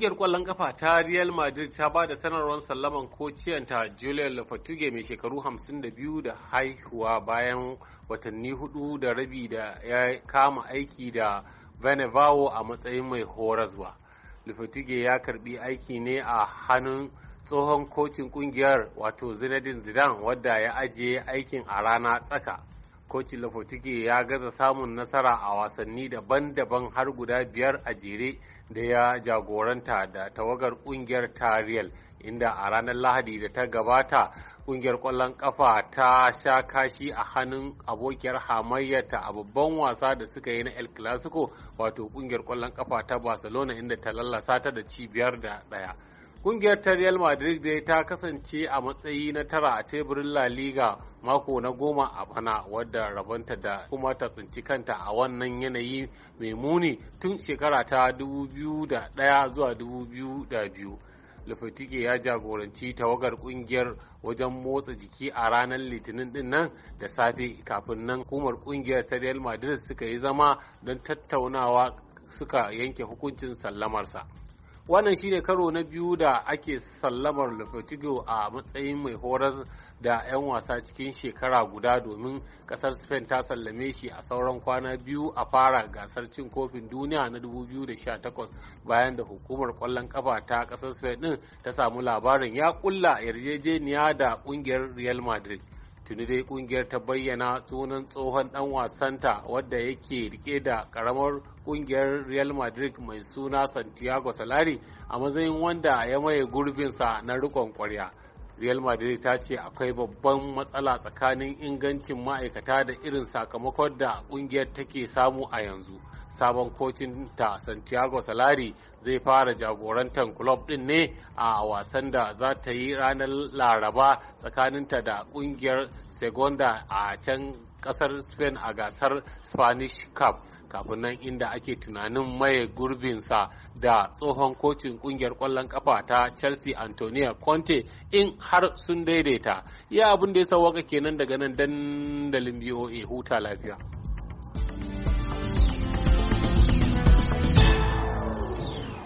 Ƙungiyar ƙwallon kafa ta Real Madrid ta ba da sanarwar sallaman kociyanta Julian lafatuge mai shekaru 52 da haihuwa bayan watanni hudu da rabi da ya kama aiki da Venevao a matsayin mai horaswa. lafatuge ya karbi aiki ne a hannun tsohon kocin ƙungiyar wato Zinedine Zidane wadda ya ajiye aikin a rana tsaka. kocin lafotige ya gaza samun nasara a wasanni daban-daban har guda biyar a jere da ya jagoranta da tawagar kungiyar tariyar inda a ranar lahadi da ta gabata kungiyar kwallon kafa ta sha kashi a hannun abokiyar hamayyata a babban wasa da suka yi na el clasico wato kungiyar kwallon kafa ta barcelona inda ta lallasa ta da cibiyar da daya Kungiyar ta Real Madrid dai ta kasance a matsayi na tara a teburin La Liga mako na goma a bana wadda rabanta da kuma ta tsinci kanta a wannan yanayi mai muni tun shekara ta 2001 zuwa 2002. Lufetike ya jagoranci tawagar kungiyar wajen motsa jiki a ranar litinin din da safe kafin nan hukumar kungiyar ta Real Madrid suka yi zama don tattaunawa suka yanke hukuncin sallamarsa. wannan shine karo na biyu da ake sallamar lopetegui a matsayin mai horar da 'yan wasa cikin shekara guda domin kasar spain ta sallame shi a sauran kwana biyu a fara gasar cin kofin duniya na 2018 bayan da hukumar kwallon kafa ta kasar spain din ta samu labarin ya kulla yarjejeniya da kungiyar real madrid tuni dai kungiyar ta bayyana sunan tsohon dan wasanta wadda yake rike da karamar kungiyar real madrid mai suna santiago salari a matsayin wanda ya maye gurbinsa na rikon kwarya real madrid ta ce akwai babban matsala tsakanin ingancin ma'aikata da irin sakamakon da kungiyar take samu a yanzu sabon kocin ta santiago salari zai fara jagorantar club din ne a wasan da za ta yi ranar laraba tsakaninta da kungiyar segonda a can kasar spain a gasar spanish cup kafin nan inda ake tunanin maye gurbinsa da tsohon kocin kungiyar kwallon kafa ta chelsea antonio conte in har sun daidaita ya abin da ya sauwaka kenan daga nan dandalin boa huta lafiya